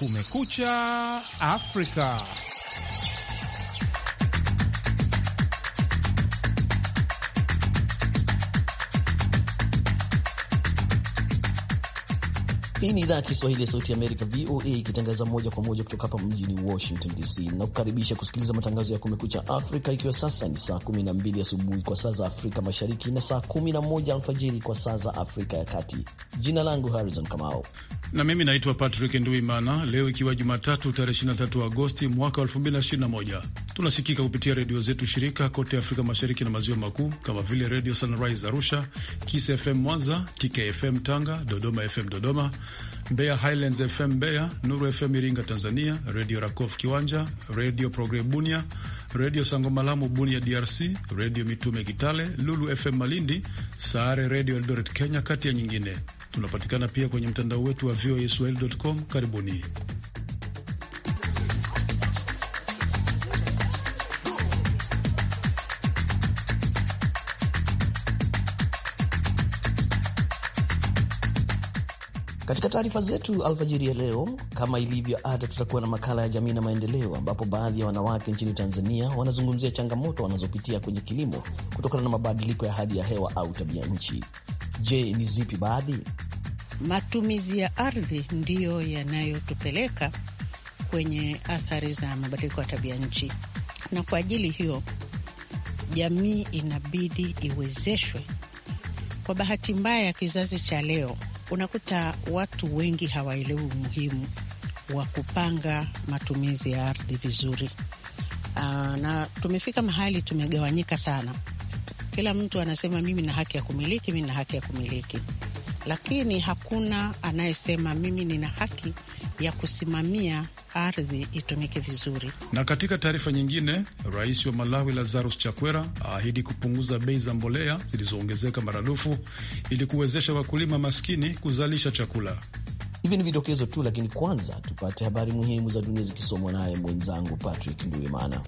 Kumekucha Afrika. Hii ni idhaa ya Kiswahili ya Sauti ya Amerika, VOA, ikitangaza moja kwa moja kutoka hapa mjini Washington DC na kukaribisha kusikiliza matangazo ya Kumekucha Afrika, ikiwa sasa ni saa 12 asubuhi kwa saa za Afrika Mashariki na saa 11 alfajiri kwa saa za Afrika ya Kati. Jina langu Harrison Kamao na mimi naitwa Patrick Nduimana. Leo ikiwa Jumatatu tarehe 23 Agosti mwaka 2021, tunasikika kupitia redio zetu shirika kote Afrika Mashariki na Maziwa Makuu kama vile Redio Sunrise Arusha, Kiss FM Mwanza, TKFM Tanga, Dodoma FM Dodoma, Mbeya Highlands FM Mbeya, Nuru FM Iringa Tanzania, Redio Rakof Kiwanja, Redio Progre Bunia, Redio Sangomalamu Bunia DRC, Redio Mitume Kitale, Lulu FM Malindi, Saare Redio Eldoret Kenya, kati ya nyingine. Tunapatikana pia kwenye mtandao wetu wa VOA Swahili.com. Karibuni. Katika taarifa zetu alfajiri ya leo, kama ilivyo ada, tutakuwa na makala ya jamii na maendeleo, ambapo baadhi ya wanawake nchini Tanzania wanazungumzia changamoto wanazopitia kwenye kilimo kutokana na mabadiliko ya hali ya hewa au tabia nchi. Je, ni zipi baadhi? Matumizi ya ardhi ndiyo yanayotupeleka kwenye athari za mabadiliko ya tabia nchi, na kwa ajili hiyo jamii inabidi iwezeshwe. Kwa bahati mbaya, kizazi cha leo unakuta watu wengi hawaelewi umuhimu wa kupanga matumizi ya ardhi vizuri. Aa, ah, na tumefika mahali tumegawanyika sana. Kila mtu anasema mimi na haki ya kumiliki, mimi na haki ya kumiliki, lakini hakuna anayesema mimi nina haki ya kusimamia ardhi itumike vizuri. Na katika taarifa nyingine, rais wa Malawi Lazarus Chakwera aahidi kupunguza bei za mbolea zilizoongezeka maradufu ili kuwezesha wakulima maskini kuzalisha chakula. Hivi ni vidokezo tu, lakini kwanza tupate habari muhimu za dunia zikisomwa naye mwenzangu Patrick Nduimana.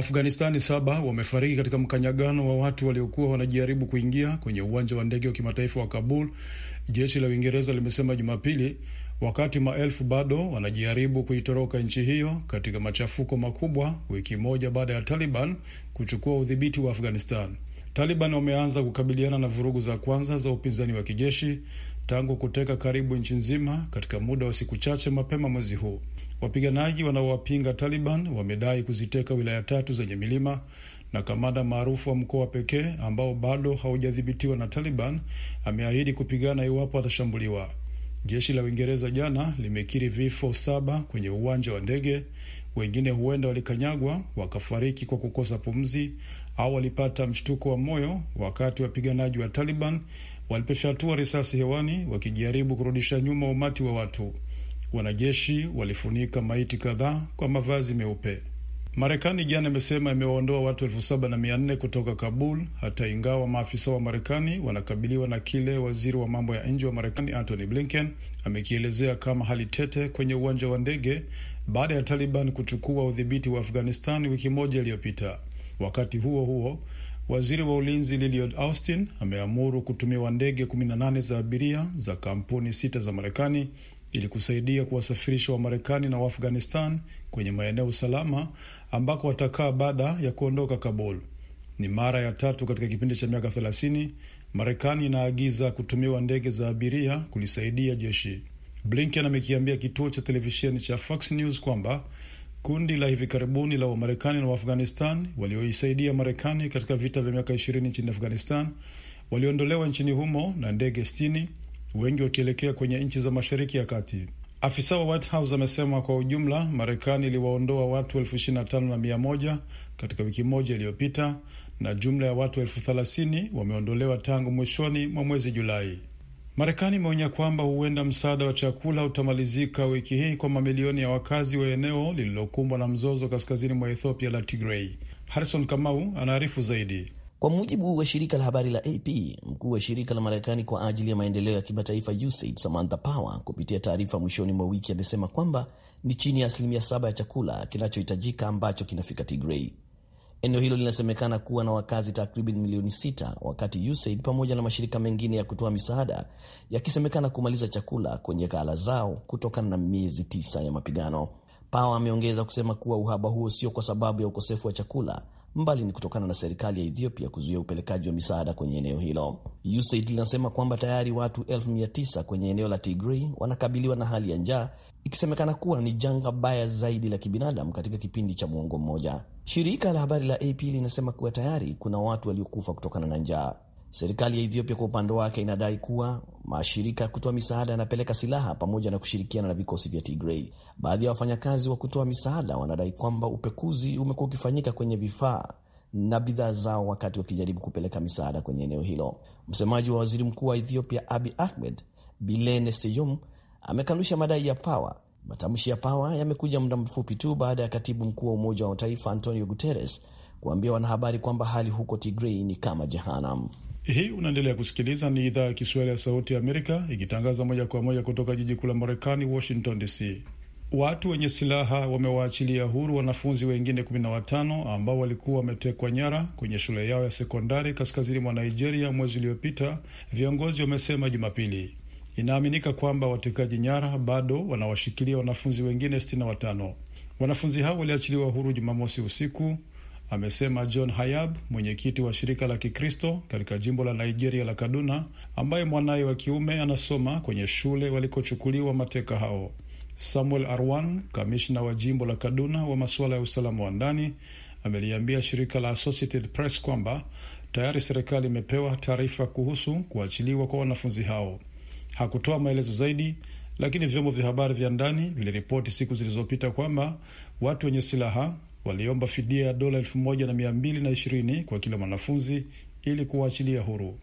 Waafghanistani saba wamefariki katika mkanyagano wa watu waliokuwa wanajaribu kuingia kwenye uwanja wa ndege wa kimataifa wa Kabul, jeshi la Uingereza limesema Jumapili, wakati maelfu bado wanajaribu kuitoroka nchi hiyo katika machafuko makubwa, wiki moja baada ya Taliban kuchukua udhibiti wa Afghanistan. Taliban wameanza kukabiliana na vurugu za kwanza za upinzani wa kijeshi tangu kuteka karibu nchi nzima katika muda wa siku chache mapema mwezi huu. Wapiganaji wanaowapinga Taliban wamedai kuziteka wilaya tatu zenye milima na kamanda maarufu wa mkoa pekee ambao bado haujadhibitiwa na Taliban ameahidi kupigana iwapo atashambuliwa. Jeshi la Uingereza jana limekiri vifo saba kwenye uwanja wa ndege. Wengine huenda walikanyagwa wakafariki kwa kukosa pumzi au walipata mshtuko wa moyo wakati wapiganaji wa Taliban walipofyatua risasi hewani wakijaribu kurudisha nyuma umati wa watu. Wanajeshi walifunika maiti kadhaa kwa mavazi meupe. Marekani jana imesema imewaondoa watu elfu saba na mia nne kutoka Kabul, hata ingawa maafisa wa Marekani wanakabiliwa na kile waziri wa mambo ya nje wa Marekani Antony Blinken amekielezea kama hali tete kwenye uwanja wa ndege baada ya Taliban kuchukua udhibiti wa Afghanistan wiki moja iliyopita. Wakati huo huo, waziri wa ulinzi Lloyd Austin ameamuru kutumiwa ndege 18 za abiria za kampuni sita za Marekani ili kusaidia kuwasafirisha Wamarekani na Waafghanistan kwenye maeneo salama ambako watakaa baada ya kuondoka Kabul. Ni mara ya tatu katika kipindi cha miaka thelathini Marekani inaagiza kutumiwa ndege za abiria kulisaidia jeshi. Blinken amekiambia kituo cha televisheni cha Fox News kwamba kundi la hivi karibuni la Wamarekani na Waafghanistan walioisaidia Marekani katika vita vya miaka ishirini nchini Afghanistan waliondolewa nchini humo na ndege sitini wengi wakielekea kwenye nchi za mashariki ya kati. Afisa wa White House amesema kwa ujumla Marekani iliwaondoa watu elfu ishirini na tano na mia moja katika wiki moja iliyopita na jumla ya watu elfu thelathini wameondolewa tangu mwishoni mwa mwezi Julai. Marekani imeonya kwamba huenda msaada wa chakula utamalizika wiki hii kwa mamilioni ya wakazi wa eneo lililokumbwa na mzozo kaskazini mwa Ethiopia la Tigrei. Harrison Kamau anaarifu zaidi. Kwa mujibu wa shirika la habari la AP, mkuu wa shirika la Marekani kwa ajili ya maendeleo ya kimataifa USAID Samantha Power kupitia taarifa mwishoni mwa wiki amesema kwamba ni chini ya asilimia saba ya chakula kinachohitajika ambacho kinafika Tigrei. Eneo hilo linasemekana kuwa na wakazi takriban milioni sita, wakati USAID pamoja na mashirika mengine ya kutoa misaada yakisemekana kumaliza chakula kwenye ghala zao kutokana na miezi tisa ya mapigano. Power ameongeza kusema kuwa uhaba huo sio kwa sababu ya ukosefu wa chakula Mbali ni kutokana na serikali ya Ethiopia kuzuia upelekaji wa misaada kwenye eneo hilo. USAID linasema kwamba tayari watu 9 kwenye eneo la Tigray wanakabiliwa na hali ya njaa, ikisemekana kuwa ni janga baya zaidi la kibinadamu katika kipindi cha mwongo mmoja. Shirika la habari la AP linasema kuwa tayari kuna watu waliokufa kutokana na njaa. Serikali ya Ethiopia kwa upande wake inadai kuwa mashirika ya kutoa misaada yanapeleka silaha pamoja na kushirikiana na vikosi vya Tigrei. Baadhi ya wafanyakazi wa kutoa misaada wanadai kwamba upekuzi umekuwa ukifanyika kwenye vifaa na bidhaa zao wakati wakijaribu kupeleka misaada kwenye eneo hilo. Msemaji wa waziri mkuu wa Ethiopia Abi Ahmed Bilene Seyum amekanusha madai ya Pawa. Matamshi ya Pawa yamekuja muda mfupi tu baada ya katibu mkuu wa Umoja wa Mataifa Antonio Guterres kuambia wanahabari kwamba hali huko Tigrei ni kama jehanamu. Hii unaendelea kusikiliza, ni idhaa ya Kiswahili ya Sauti ya Amerika ikitangaza moja kwa moja kutoka jiji kuu la Marekani, Washington DC. Watu wenye silaha wamewaachilia huru wanafunzi wengine kumi na watano ambao walikuwa wametekwa nyara kwenye shule yao ya sekondari kaskazini mwa Nigeria mwezi uliopita, viongozi wamesema Jumapili. Inaaminika kwamba watekaji nyara bado wanawashikilia wanafunzi wengine sitini na watano. Wanafunzi hao waliachiliwa huru Jumamosi usiku amesema John Hayab, mwenyekiti wa shirika la Kikristo katika jimbo la Nigeria la Kaduna, ambaye mwanaye wa kiume anasoma kwenye shule walikochukuliwa mateka hao. Samuel Arwan, kamishna wa jimbo la Kaduna wa masuala ya usalama wa ndani, ameliambia shirika la Associated Press kwamba tayari serikali imepewa taarifa kuhusu kuachiliwa kwa wanafunzi hao. Hakutoa maelezo zaidi, lakini vyombo vya habari vya ndani viliripoti siku zilizopita kwamba watu wenye silaha waliomba fidia ya dola elfu moja na mia mbili na ishirini kwa kila mwanafunzi ili kuwaachilia huru.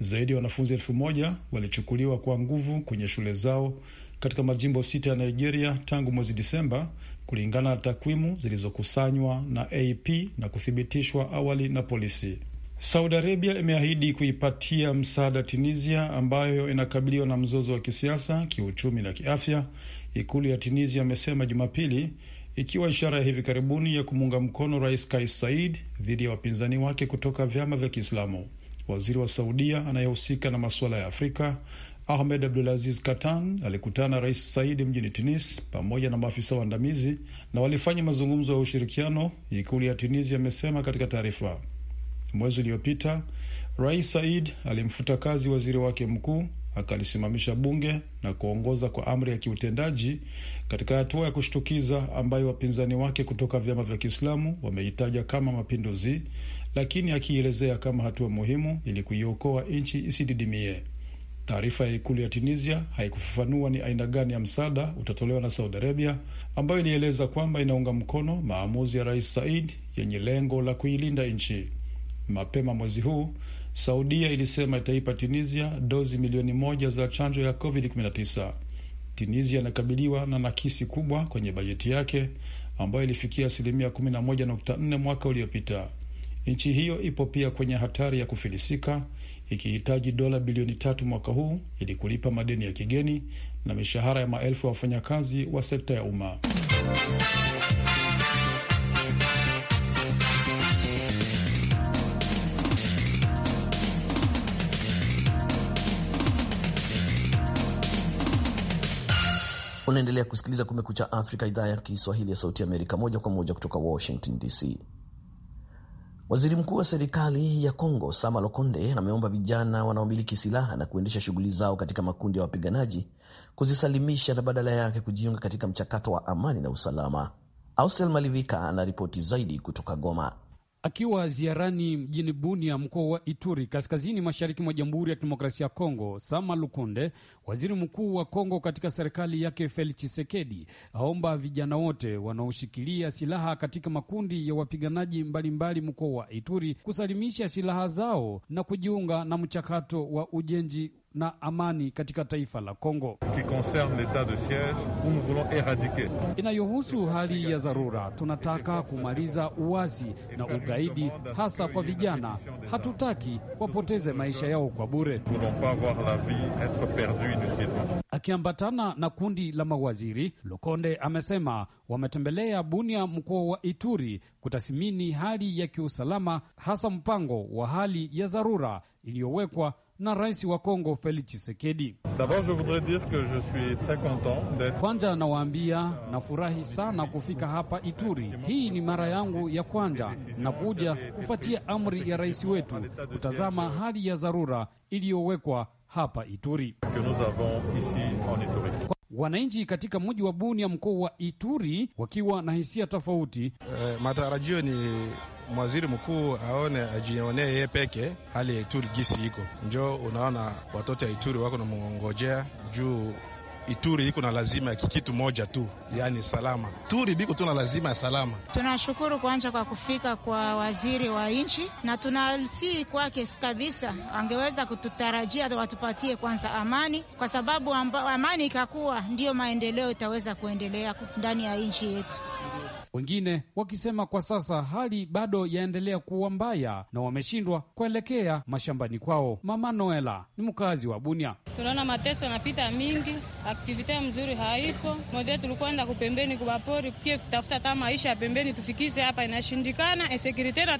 Zaidi ya wanafunzi elfu moja walichukuliwa kwa nguvu kwenye shule zao katika majimbo sita ya Nigeria tangu mwezi Disemba, kulingana na takwimu zilizokusanywa na AP na kuthibitishwa awali na polisi. Saudi Arabia imeahidi kuipatia msaada Tunisia ambayo inakabiliwa na mzozo wa kisiasa, kiuchumi na kiafya. Ikulu ya Tunisia amesema Jumapili ikiwa ishara ya hivi karibuni ya kumuunga mkono Rais Kais Said dhidi ya wapinzani wake kutoka vyama vya Kiislamu. Waziri wa Saudia anayehusika na masuala ya Afrika Ahmed Abdulaziz Katan alikutana na Rais Saidi mjini Tunis pamoja na maafisa waandamizi na walifanya mazungumzo ya ushirikiano, ikulu ya Tunisia amesema katika taarifa. Mwezi uliopita Rais Said alimfuta kazi waziri wake mkuu, akalisimamisha bunge na kuongoza kwa amri ya kiutendaji katika hatua ya kushtukiza ambayo wapinzani wake kutoka vyama vya Kiislamu wameitaja kama mapinduzi, lakini akiielezea kama hatua muhimu ili kuiokoa nchi isididimie. Taarifa ya ikulu ya Tunisia haikufafanua ni aina gani ya msaada utatolewa na Saudi Arabia, ambayo ilieleza kwamba inaunga mkono maamuzi ya Rais Said yenye lengo la kuilinda nchi. Mapema mwezi huu Saudia ilisema itaipa Tunisia dozi milioni moja za chanjo ya COVID-19. Tunisia inakabiliwa na nakisi kubwa kwenye bajeti yake ambayo ilifikia asilimia 11.4 mwaka uliopita. Nchi hiyo ipo pia kwenye hatari ya kufilisika ikihitaji dola bilioni tatu mwaka huu ili kulipa madeni ya kigeni na mishahara ya maelfu ya wafanyakazi wa sekta ya umma. Unaendelea kusikiliza Kumekucha Afrika, idhaa ya Kiswahili ya Sauti Amerika, moja kwa moja kutoka Washington DC. Waziri mkuu wa serikali ya congo Sama Lokonde ameomba vijana wanaomiliki silaha na kuendesha shughuli zao katika makundi ya wapiganaji kuzisalimisha na badala yake kujiunga katika mchakato wa amani na usalama. Ausel Malivika ana ripoti zaidi kutoka Goma. Akiwa ziarani mjini Bunia, mkoa wa Ituri, kaskazini mashariki mwa Jamhuri ya Kidemokrasia ya Kongo, Sama Lukonde, waziri mkuu wa Kongo katika serikali yake Felix Tshisekedi, aomba vijana wote wanaoshikilia silaha katika makundi ya wapiganaji mbalimbali mkoa wa Ituri kusalimisha silaha zao na kujiunga na mchakato wa ujenzi na amani katika taifa la Kongo inayohusu hali ya dharura. Tunataka kumaliza uwazi na ugaidi, hasa kwa vijana. Hatutaki wapoteze maisha yao kwa bure. Akiambatana na kundi la mawaziri, lokonde amesema wametembelea Bunia, mkoa wa Ituri, kutathmini hali ya kiusalama, hasa mpango wa hali ya dharura iliyowekwa na rais wa Kongo Felix Tshisekedi. Kwanza nawaambia nafurahi sana kufika hapa Ituri. Hii ni mara yangu ya kwanza na kuja kufuatia amri ya rais wetu kutazama hali ya dharura iliyowekwa hapa Ituri. Wananchi katika mji wa Bunia, mkoa wa Ituri, wakiwa na hisia tofauti. Eh, matarajio ni mwaziri mkuu aone ajionee yeye peke hali ya Ituri gisi iko, njo unaona watoto ya Ituri wako na mngongojea juu Ituri iko na lazima ya kikitu moja tu, yani salama. Turi biko tuna lazima ya salama. Tunashukuru kwanza kwa kufika kwa waziri wa nchi, na tunasii kwake kabisa, angeweza kututarajia watupatie kwanza amani, kwa sababu amba, amani ikakuwa ndiyo maendeleo itaweza kuendelea ndani ya nchi yetu. Wengine wakisema kwa sasa hali bado yaendelea kuwa mbaya na wameshindwa kuelekea mashambani kwao. Mama Noela ni mkazi wa Bunia. Tunaona mateso yanapita mingi aktivite mzuri haiko modee, tulikwenda kupembeni kubapori kie tafuta ta maisha ya pembeni, tufikize hapa inashindikana, insekurite na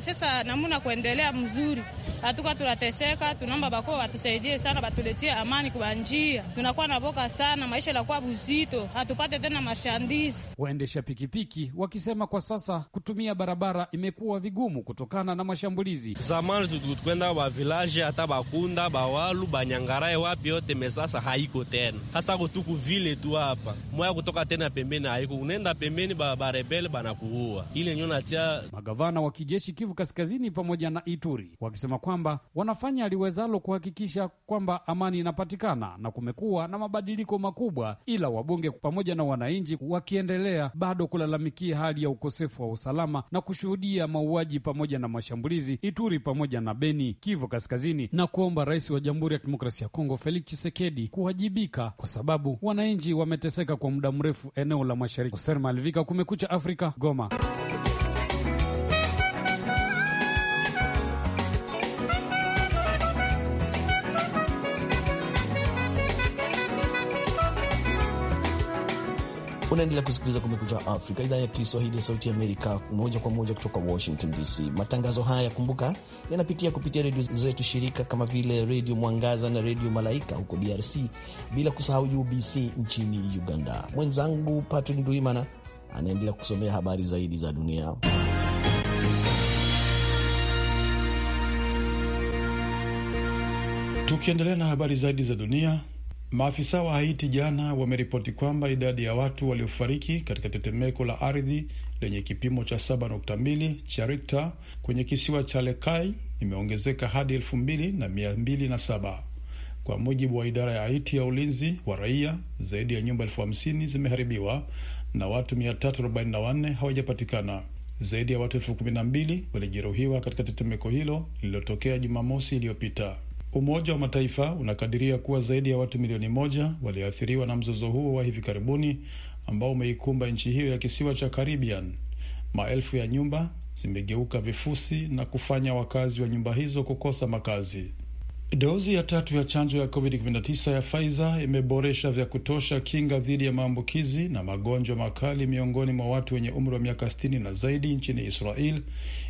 sasa namuna kuendelea mzuri hatuka tunateseka, tunaomba bako watusaidie sana, batuletie amani kwa njia. Tunakuwa na boka sana, maisha lakuwa buzito, hatupate tena mashandizi. Waendesha pikipiki wakisema kwa sasa kutumia barabara imekuwa vigumu kutokana na mashambulizi. Zamani tukwenda bavilaje, hata bakunda bawalu banyangarae wapi yote mesasa haiko tena, hasa kutuku vile tu hapa mwaya kutoka tena pembeni haiko, unaenda pembeni barebele banakuua ile nyonatia. Magavana wa kijeshi Kivu Kaskazini pamoja na Ituri wakisema kwa kwamba wanafanya aliwezalo kuhakikisha kwamba amani inapatikana, na kumekuwa na mabadiliko makubwa, ila wabunge pamoja na wananchi wakiendelea bado kulalamikia hali ya ukosefu wa usalama na kushuhudia mauaji pamoja na mashambulizi Ituri pamoja na Beni, Kivu Kaskazini, na kuomba Rais wa Jamhuri ya Kidemokrasia ya Kongo Felix Tshisekedi kuwajibika kwa sababu wananchi wameteseka kwa muda mrefu eneo la mashariki. Hosen Malivika, Kumekucha Afrika, Goma. Unaendelea kusikiliza Kumekucha Afrika, idhaa ya Kiswahili ya Sauti Amerika, moja kwa moja kutoka Washington DC. Matangazo haya kumbuka, yanapitia kupitia redio zetu shirika kama vile Redio Mwangaza na Redio Malaika huko DRC, bila kusahau UBC nchini Uganda. Mwenzangu Patrick Nduimana anaendelea kusomea habari zaidi za dunia. Tukiendelea na habari zaidi za dunia, Maafisa wa Haiti jana wameripoti kwamba idadi ya watu waliofariki katika tetemeko la ardhi lenye kipimo cha 7.2 cha Richter kwenye kisiwa cha Lekai imeongezeka hadi elfu na kwa mujibu wa idara ya Haiti ya ulinzi wa raia. Zaidi ya nyumba 50 zimeharibiwa na watu 344 hawajapatikana. Zaidi ya watu 12 walijeruhiwa katika tetemeko hilo lililotokea Jumamosi iliyopita. Umoja wa Mataifa unakadiria kuwa zaidi ya watu milioni moja waliathiriwa na mzozo huo wa hivi karibuni ambao umeikumba nchi hiyo ya kisiwa cha Caribbean. Maelfu ya nyumba zimegeuka vifusi na kufanya wakazi wa nyumba hizo kukosa makazi. Dozi ya tatu ya chanjo ya COVID-19 ya Pfizer imeboresha vya kutosha kinga dhidi ya maambukizi na magonjwa makali miongoni mwa watu wenye umri wa miaka 60 na zaidi nchini Israel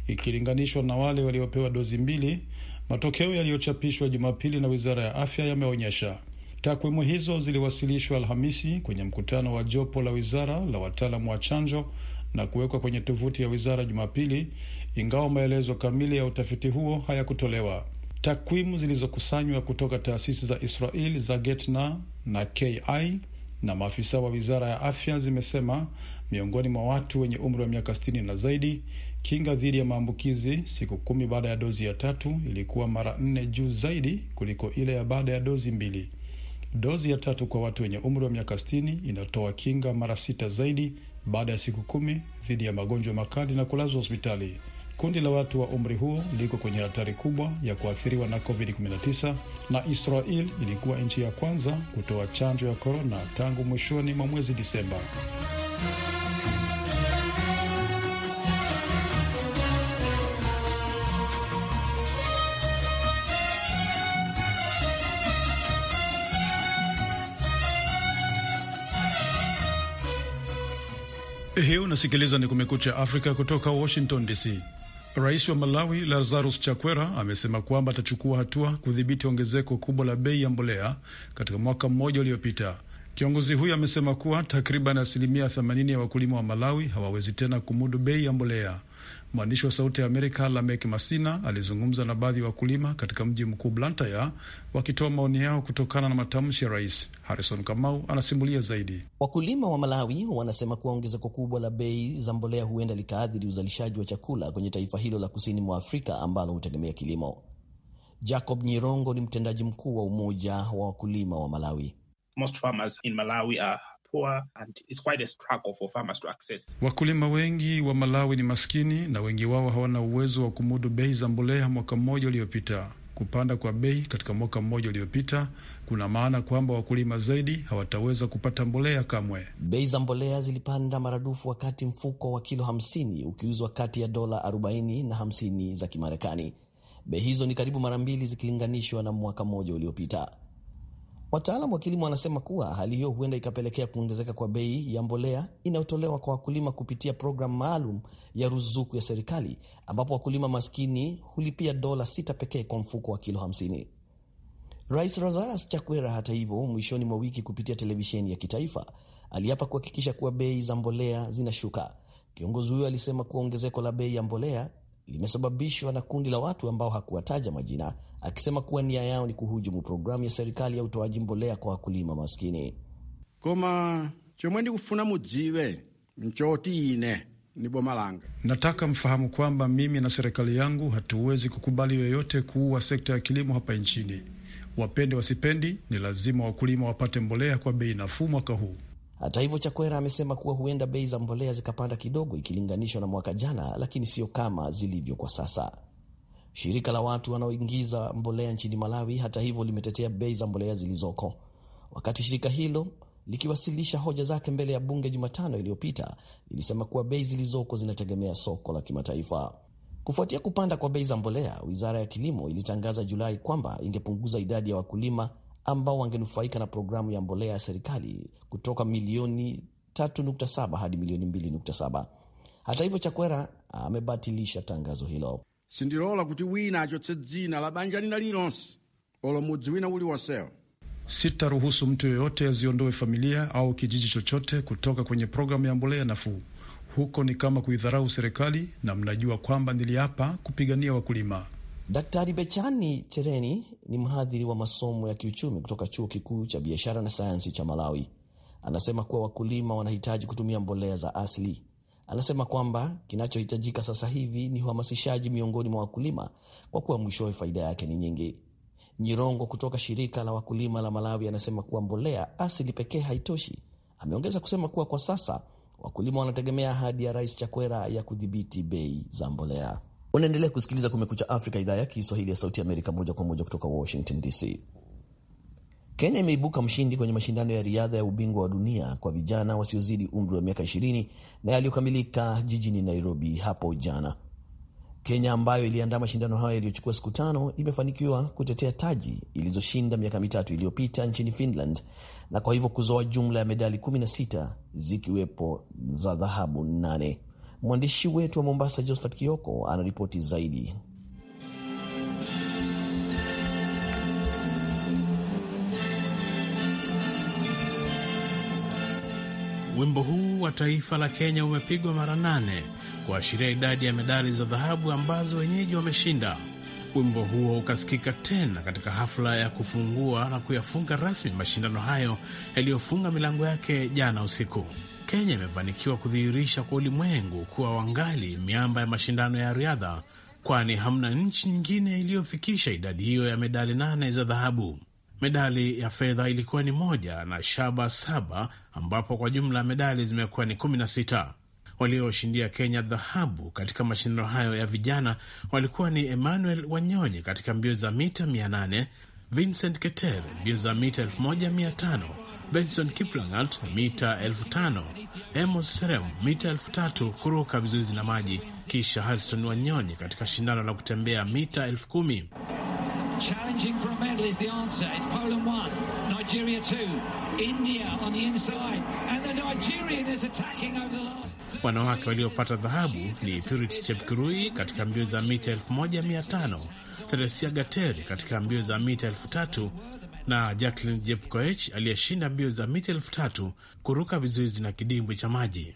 ikilinganishwa na wale waliopewa dozi mbili Matokeo yaliyochapishwa Jumapili na wizara ya afya yameonyesha takwimu hizo ziliwasilishwa Alhamisi kwenye mkutano wa jopo la wizara la wataalamu wa chanjo na kuwekwa kwenye tovuti ya wizara Jumapili, ingawa maelezo kamili ya utafiti huo hayakutolewa. Takwimu zilizokusanywa kutoka taasisi za Israel za Getna na KI na maafisa wa wizara ya afya zimesema miongoni mwa watu wenye umri wa miaka sitini na zaidi Kinga dhidi ya maambukizi siku kumi baada ya dozi ya tatu ilikuwa mara nne juu zaidi kuliko ile ya baada ya dozi mbili. Dozi ya tatu kwa watu wenye umri wa miaka sitini inatoa kinga mara sita zaidi baada ya siku kumi dhidi ya magonjwa makali na kulazwa hospitali. Kundi la watu wa umri huo liko kwenye hatari kubwa ya kuathiriwa na COVID-19 na Israel ilikuwa nchi ya kwanza kutoa chanjo ya korona tangu mwishoni mwa mwezi Disemba. Hii unasikiliza ni Kumekucha Afrika kutoka Washington DC. Rais wa Malawi Lazarus Chakwera amesema kwamba atachukua hatua kudhibiti ongezeko kubwa la bei ya mbolea katika mwaka mmoja uliopita. Kiongozi huyo amesema kuwa takriban asilimia 80 ya wakulima wa Malawi hawawezi tena kumudu bei ya mbolea. Mwandishi wa Sauti ya Amerika Lamek Masina alizungumza na baadhi ya wakulima katika mji mkuu Blantaya wakitoa maoni yao kutokana na matamshi ya rais. Harrison Kamau anasimulia zaidi. Wakulima wa Malawi wanasema kuwa ongezeko kubwa la bei za mbolea huenda likaathiri uzalishaji wa chakula kwenye taifa hilo la kusini mwa Afrika ambalo hutegemea kilimo. Jacob Nyirongo ni mtendaji mkuu wa Umoja wa Wakulima wa Malawi. Most farmers in Malawi are poor and it's quite a struggle for farmers to access. Wakulima wengi wa Malawi ni maskini na wengi wao hawana uwezo wa kumudu bei za mbolea mwaka mmoja uliopita. Kupanda kwa bei katika mwaka mmoja uliopita kuna maana kwamba wakulima zaidi hawataweza kupata mbolea kamwe. Bei za mbolea zilipanda maradufu, wakati mfuko wa kilo 50 ukiuzwa kati ya dola 40 na 50 za Kimarekani. Bei hizo ni karibu mara mbili zikilinganishwa na mwaka mmoja uliopita wataalamu wa kilimo wanasema kuwa hali hiyo huenda ikapelekea kuongezeka kwa bei ya mbolea inayotolewa kwa wakulima kupitia programu maalum ya ruzuku ya serikali, ambapo wakulima maskini hulipia dola sita pekee kwa mfuko wa kilo 50 Rais Lazarus Chakwera, hata hivyo, mwishoni mwa wiki kupitia televisheni ya kitaifa aliapa kuhakikisha kuwa bei za mbolea zinashuka. Kiongozi huyo alisema kuwa ongezeko la bei ya mbolea limesababishwa na kundi la watu ambao hakuwataja majina, akisema kuwa nia yao ni kuhujumu programu ya serikali ya utoaji mbolea kwa wakulima maskini. koma chomwe kufuna mudziwe ine ni Bomalanga. Nataka mfahamu kwamba mimi na serikali yangu hatuwezi kukubali yoyote kuua sekta ya kilimo hapa nchini. Wapende wasipendi, ni lazima wakulima wapate mbolea kwa bei nafuu mwaka huu. Hata hivyo, Chakwera amesema kuwa huenda bei za mbolea zikapanda kidogo ikilinganishwa na mwaka jana, lakini sio kama zilivyo kwa sasa. Shirika la watu wanaoingiza mbolea nchini Malawi, hata hivyo, limetetea bei za mbolea zilizoko, wakati shirika hilo likiwasilisha hoja zake mbele ya bunge Jumatano iliyopita lilisema kuwa bei zilizoko zinategemea soko la kimataifa. Kufuatia kupanda kwa bei za mbolea, wizara ya kilimo ilitangaza Julai kwamba ingepunguza idadi ya wakulima ambao wangenufaika na programu ya mbolea ya serikali kutoka milioni 3.7 hadi milioni 2.7. Hata hivyo, Chakwera amebatilisha tangazo hilo. sindilola kuti wina achotse dzina la banja lina lilonse olomudzi wina wina wonsewo. Sitaruhusu mtu yoyote aziondoe familia au kijiji chochote kutoka kwenye programu ya mbolea nafuu. Huko ni kama kuidharau serikali, na mnajua kwamba niliapa kupigania wakulima. Daktari Bechani tereni ni mhadhiri wa masomo ya kiuchumi kutoka chuo kikuu cha biashara na sayansi cha Malawi. Anasema kuwa wakulima wanahitaji kutumia mbolea za asili. Anasema kwamba kinachohitajika sasa hivi ni uhamasishaji miongoni mwa wakulima, kwa kuwa mwishowe faida yake ni nyingi. Nyirongo kutoka shirika la wakulima la Malawi anasema kuwa mbolea asili pekee haitoshi. Ameongeza kusema kuwa kwa sasa wakulima wanategemea ahadi ya Rais Chakwera ya kudhibiti bei za mbolea. Unaendelea kusikiliza Kumekucha Afrika, idhaa ya Kiswahili ya Sauti Amerika, moja kwa moja kutoka Washington DC. Kenya imeibuka mshindi kwenye mashindano ya riadha ya ubingwa wa dunia kwa vijana wasiozidi umri wa miaka 20 na yaliyokamilika jijini Nairobi hapo jana. Kenya ambayo iliandaa mashindano hayo yaliyochukua siku tano imefanikiwa kutetea taji ilizoshinda miaka mitatu iliyopita nchini Finland na kwa hivyo kuzoa jumla ya medali 16 zikiwepo za dhahabu 8. Mwandishi wetu wa Mombasa, Josphat Kioko, anaripoti zaidi. Wimbo huu wa taifa la Kenya umepigwa mara nane kuashiria idadi ya medali za dhahabu ambazo wenyeji wameshinda. Wimbo huo ukasikika tena katika hafla ya kufungua na kuyafunga rasmi mashindano hayo yaliyofunga milango yake jana usiku. Kenya imefanikiwa kudhihirisha kwa ulimwengu kuwa wangali miamba ya mashindano ya riadha, kwani hamna nchi nyingine iliyofikisha idadi hiyo ya medali nane za dhahabu. Medali ya fedha ilikuwa ni moja na shaba saba, ambapo kwa jumla medali zimekuwa ni kumi na sita. Walioshindia Kenya dhahabu katika mashindano hayo ya vijana walikuwa ni Emmanuel Wanyonyi katika mbio za mita 8 Vincent Keter mbio za mita Benson Kiplangat mita elfu tano, Amos Serem mita elfu tatu kuruka vizuizi na maji, kisha Harrison Wanyonyi katika shindano la kutembea mita elfu kumi. Wanawake waliopata dhahabu ni Purity Chepkirui katika mbio za mita elfu moja mia tano, Theresia Gateri katika mbio za mita elfu tatu na Jacqueline Jepkoech aliyeshinda mbio za mita elfu tatu kuruka vizuizi na kidimbwi cha maji.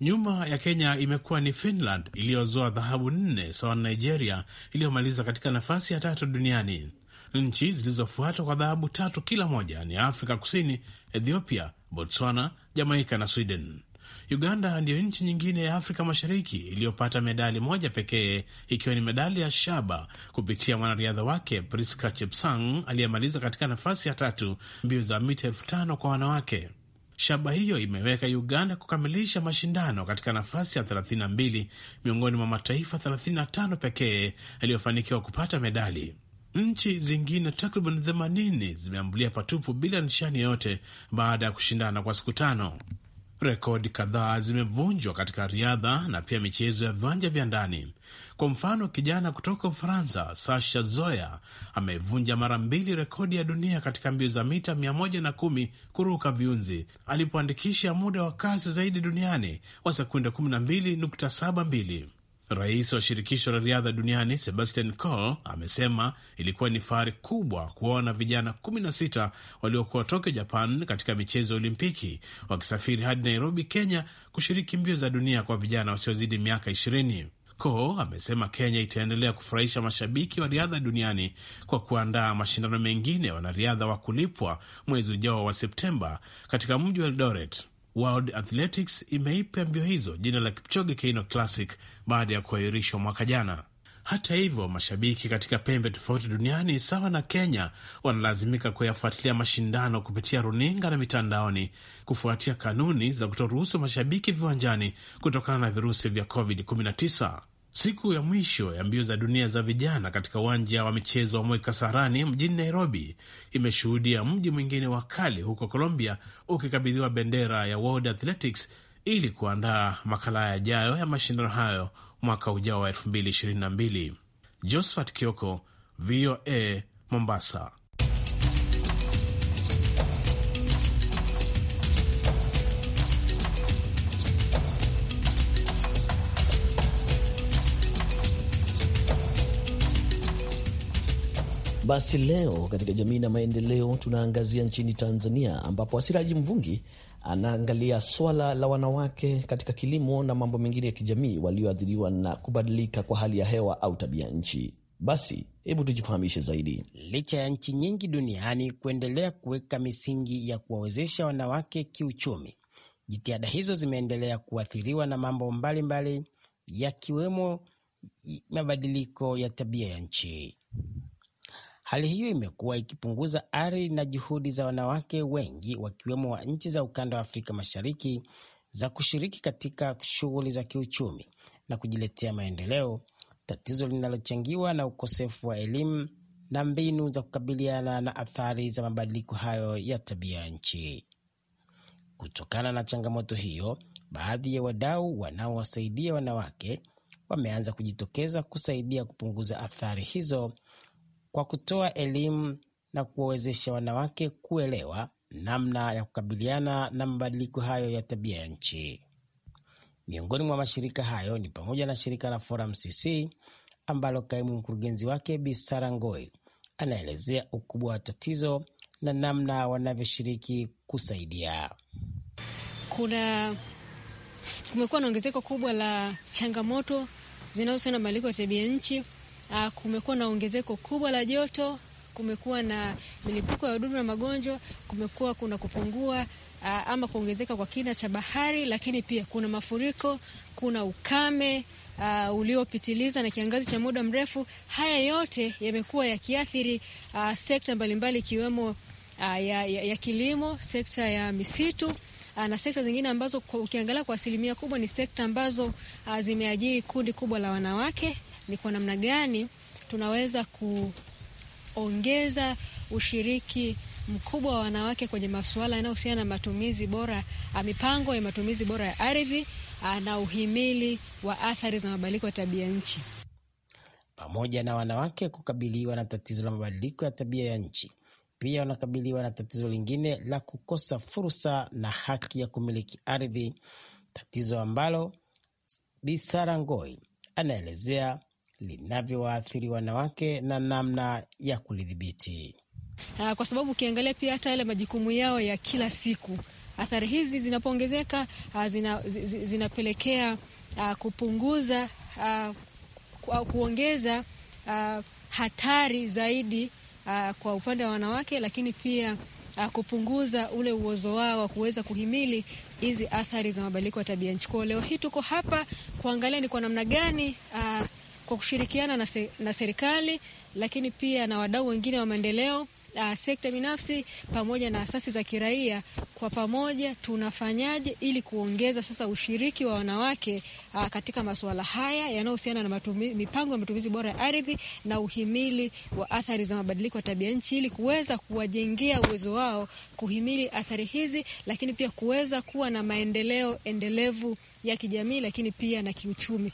Nyuma ya Kenya imekuwa ni Finland iliyozoa dhahabu nne sawa na Nigeria iliyomaliza katika nafasi ya tatu duniani. Nchi zilizofuatwa kwa dhahabu tatu kila moja ni Afrika Kusini, Ethiopia, Botswana, Jamaika na Sweden. Uganda ndiyo nchi nyingine ya Afrika Mashariki iliyopata medali moja pekee ikiwa ni medali ya shaba kupitia mwanariadha wake Priska Chepsang aliyemaliza katika nafasi ya tatu mbio za mita elfu tano kwa wanawake. Shaba hiyo imeweka Uganda kukamilisha mashindano katika nafasi ya 32 miongoni mwa mataifa 35 pekee yaliyofanikiwa kupata medali. Nchi zingine takriban 80 zimeambulia patupu bila nishani yoyote baada ya kushindana kwa siku tano. Rekodi kadhaa zimevunjwa katika riadha na pia michezo ya viwanja vya ndani. Kwa mfano, kijana kutoka Ufaransa Sasha Zoya amevunja mara mbili rekodi ya dunia katika mbio za mita 110 kuruka viunzi alipoandikisha muda wa kasi zaidi duniani wa sekunde 12.72. Rais wa shirikisho la riadha duniani Sebastian Coe amesema ilikuwa ni fahari kubwa kuona vijana kumi na sita waliokuwa Tokyo, Japan, katika michezo ya Olimpiki wakisafiri hadi Nairobi, Kenya, kushiriki mbio za dunia kwa vijana wasiozidi miaka ishirini. Ko amesema Kenya itaendelea kufurahisha mashabiki wa riadha duniani kwa kuandaa mashindano mengine ya wanariadha wa kulipwa mwezi ujao wa Septemba katika mji wa Eldoret. World Athletics imeipa mbio hizo jina la Kipchoge Keino Classic baada ya kuahirishwa mwaka jana. Hata hivyo, mashabiki katika pembe tofauti duniani sawa na Kenya wanalazimika kuyafuatilia mashindano kupitia runinga na mitandaoni kufuatia kanuni za kutoruhusu mashabiki viwanjani kutokana na virusi vya COVID-19. Siku ya mwisho ya mbio za dunia za vijana katika uwanja wa michezo wa Moi Kasarani mjini Nairobi imeshuhudia mji mwingine wa kale huko Colombia ukikabidhiwa bendera ya World Athletics ili kuandaa makala yajayo ya mashindano hayo mwaka ujao wa 2022. Josephat Kioko, VOA, Mombasa. Basi leo katika jamii na maendeleo tunaangazia nchini Tanzania, ambapo Asiraji Mvungi anaangalia swala la wanawake katika kilimo na mambo mengine ya kijamii walioathiriwa na kubadilika kwa hali ya hewa au tabia nchi. Basi hebu tujifahamishe zaidi. Licha ya nchi nyingi duniani kuendelea kuweka misingi ya kuwawezesha wanawake kiuchumi, jitihada hizo zimeendelea kuathiriwa na mambo mbalimbali, yakiwemo mabadiliko ya tabia ya nchi. Hali hiyo imekuwa ikipunguza ari na juhudi za wanawake wengi wakiwemo wa nchi za ukanda wa Afrika Mashariki za kushiriki katika shughuli za kiuchumi na kujiletea maendeleo, tatizo linalochangiwa na ukosefu wa elimu na mbinu za kukabiliana na athari za mabadiliko hayo ya tabia ya nchi. Kutokana na changamoto hiyo, baadhi ya wadau wanaowasaidia wanawake wameanza kujitokeza kusaidia kupunguza athari hizo kwa kutoa elimu na kuwawezesha wanawake kuelewa namna ya kukabiliana na mabadiliko hayo ya tabia ya nchi. Miongoni mwa mashirika hayo ni pamoja na shirika la Forum CC ambalo kaimu mkurugenzi wake Bi Sara Ngoi anaelezea ukubwa wa tatizo na namna wanavyoshiriki kusaidia. Kuna kumekuwa na ongezeko kubwa la changamoto zinazohusiana na mabadiliko ya tabia nchi uh, kumekuwa na ongezeko kubwa la joto, kumekuwa na milipuko ya wadudu na magonjwa, kumekuwa kuna kupungua uh, ama kuongezeka kwa kina cha bahari, lakini pia kuna mafuriko, kuna ukame Uh, uliopitiliza na kiangazi cha muda mrefu. Haya yote yamekuwa yakiathiri uh, sekta mbalimbali ikiwemo uh, ya, ya, ya kilimo, sekta ya misitu Ah, na sekta zingine ambazo ukiangalia kwa asilimia kubwa ni sekta ambazo ah, zimeajiri kundi kubwa la wanawake. Ni kwa namna gani tunaweza kuongeza ushiriki mkubwa wa wanawake kwenye masuala yanayohusiana na matumizi bora, ah, mipango ya matumizi bora ya ardhi na uhimili wa athari za mabadiliko ya tabia nchi. Pamoja na wanawake kukabiliwa na tatizo la mabadiliko ya tabia ya nchi, pia wanakabiliwa na tatizo lingine la kukosa fursa na haki ya kumiliki ardhi, tatizo ambalo Bisarangoi anaelezea linavyowaathiri wanawake na namna ya kulidhibiti, ah, kwa sababu ukiangalia pia hata yale majukumu yao ya kila siku, athari hizi zinapoongezeka ah, zina, zinapelekea ah, kupunguza kuongeza hatari zaidi Uh, kwa upande wa wanawake, lakini pia uh, kupunguza ule uozo wao wa kuweza kuhimili hizi athari za mabadiliko ya tabia nchi. leo hii tuko hapa kuangalia ni kwa namna gani uh, kwa kushirikiana na, se, na serikali lakini pia na wadau wengine wa maendeleo uh, sekta binafsi pamoja na asasi za kiraia, kwa pamoja tunafanyaje ili kuongeza sasa ushiriki wa wanawake uh, katika masuala haya yanayohusiana na matumi, mipango ya matumizi bora ya ardhi na uhimili wa athari za mabadiliko ya tabia nchi ili kuweza kuwajengea uwezo wao kuhimili athari hizi, lakini pia kuweza kuwa na maendeleo endelevu ya kijamii, lakini pia na kiuchumi.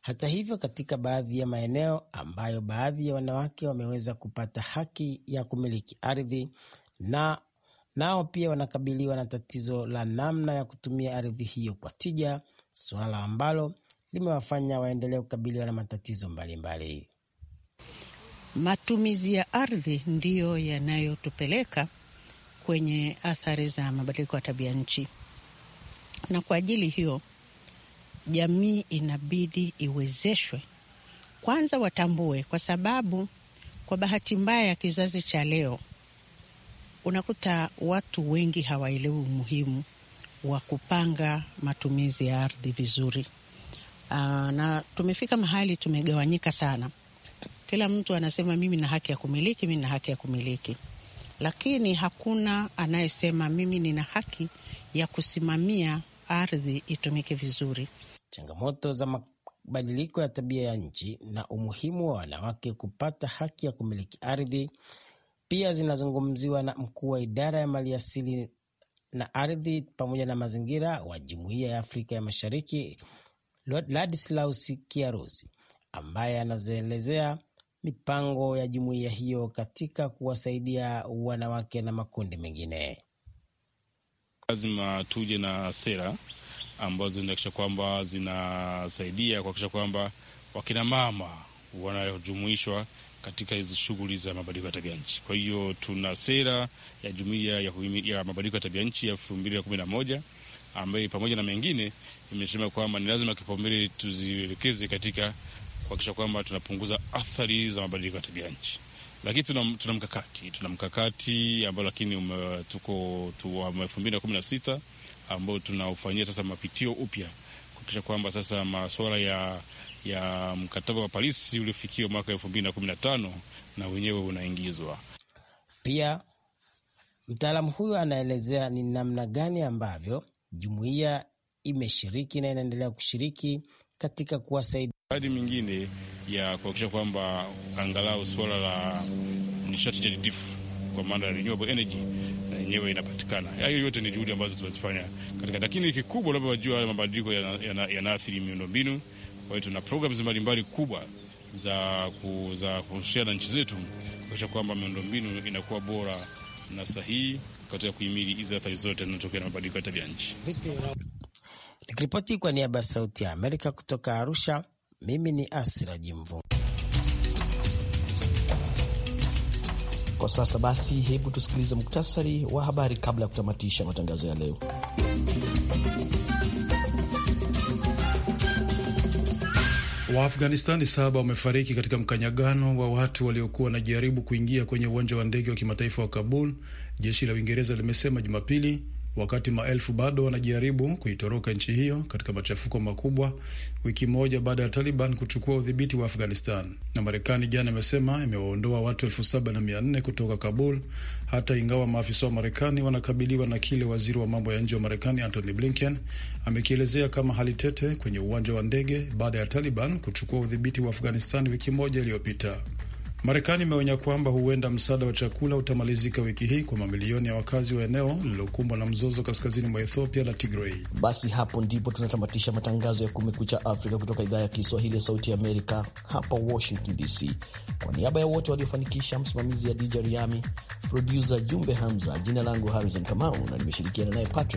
Hata hivyo, katika baadhi ya maeneo ambayo baadhi ya wanawake wameweza kupata haki ya kumiliki ardhi, na nao pia wanakabiliwa na tatizo la namna ya kutumia ardhi hiyo kwa tija, suala ambalo limewafanya waendelee kukabiliwa na matatizo mbalimbali mbali. Matumizi ya ardhi ndiyo yanayotupeleka kwenye athari za mabadiliko ya tabia nchi, na kwa ajili hiyo jamii inabidi iwezeshwe kwanza, watambue, kwa sababu kwa bahati mbaya ya kizazi cha leo unakuta watu wengi hawaelewi umuhimu wa kupanga matumizi ya ardhi vizuri. Aa, ah, na tumefika mahali tumegawanyika sana. Kila mtu anasema mimi na haki ya kumiliki, mimi na haki ya kumiliki, lakini hakuna anayesema mimi nina haki ya kusimamia ardhi itumike vizuri changamoto za mabadiliko ya tabia ya nchi na umuhimu wa wanawake kupata haki ya kumiliki ardhi pia zinazungumziwa na mkuu wa idara ya maliasili na ardhi pamoja na mazingira wa Jumuiya ya Afrika ya Mashariki Ladislaus Kiarusi, ambaye anazielezea mipango ya jumuiya hiyo katika kuwasaidia wanawake na makundi mengine. Lazima tuje na sera ambazo zinahakikisha kwamba zinasaidia kuhakikisha kwamba wakinamama wanajumuishwa katika hizi shughuli za mabadiliko ya tabia nchi. Kwa hiyo tuna sera ya jumuiya ya, ya mabadiliko ya tabia nchi ya elfu mbili na kumi na moja ambayo pamoja na mengine imesema kwamba ni lazima kipaumbele tuzielekeze katika kuhakikisha kwamba tunapunguza athari za mabadiliko ya tabia nchi, lakini tuna, tuna mkakati tuna mkakati ambao lakini tuko elfu mbili na kumi na sita ambao tunaufanyia sasa mapitio upya kuhakikisha kwamba sasa masuala ya, ya mkataba wa Paris uliofikiwa mwaka elfu mbili na kumi na tano na wenyewe unaingizwa pia. Mtaalamu huyu anaelezea ni namna gani ambavyo jumuiya imeshiriki na inaendelea kushiriki katika kuwasaidia mingine ya kuhakikisha kwamba angalau suala la nishati jadidifu kwa maana ya renewable energy yenyewe inapatikana. Hayo yote ni juhudi ambazo tunazifanya katika, lakini kikubwa labda wajua yale mabadiliko yanaathiri ya, ya miundombinu. Kwa hiyo tuna programs mbalimbali kubwa za kushia na nchi zetu kuakisha kwamba miundombinu inakuwa bora na sahihi katika kuhimili hizi athari zote zinatokea na mabadiliko ya tabia nchi. Nikiripoti kwa niaba ya Sauti ya Amerika kutoka Arusha, mimi ni Asira Jimvu. Kwa sasa basi, hebu tusikilize muktasari wa habari kabla ya kutamatisha matangazo ya leo. Waafghanistani saba wamefariki katika mkanyagano wa watu waliokuwa wanajaribu kuingia kwenye uwanja wa ndege wa kimataifa wa Kabul, jeshi la Uingereza limesema Jumapili, wakati maelfu bado wanajaribu kuitoroka nchi hiyo katika machafuko makubwa, wiki moja baada ya Taliban kuchukua udhibiti wa Afghanistan. Na Marekani jana imesema imewaondoa watu elfu saba na mia nne kutoka Kabul, hata ingawa maafisa wa Marekani wanakabiliwa na kile waziri wa mambo ya nje wa Marekani Antony Blinken amekielezea kama hali tete kwenye uwanja wa ndege baada ya Taliban kuchukua udhibiti wa Afghanistan wiki moja iliyopita. Marekani imeonya kwamba huenda msaada wa chakula utamalizika wiki hii kwa mamilioni ya wakazi wa eneo lililokumbwa na mzozo kaskazini mwa Ethiopia la Tigray. Basi hapo ndipo tunatamatisha matangazo ya Kumekucha Afrika kutoka idhaa ya Kiswahili ya Sauti ya Amerika hapa Washington DC. Kwa niaba ya wote waliofanikisha, msimamizi ya DJ Riami, produsa Jumbe Hamza, jina langu Harrison Kamau na nimeshirikiana naye Patrick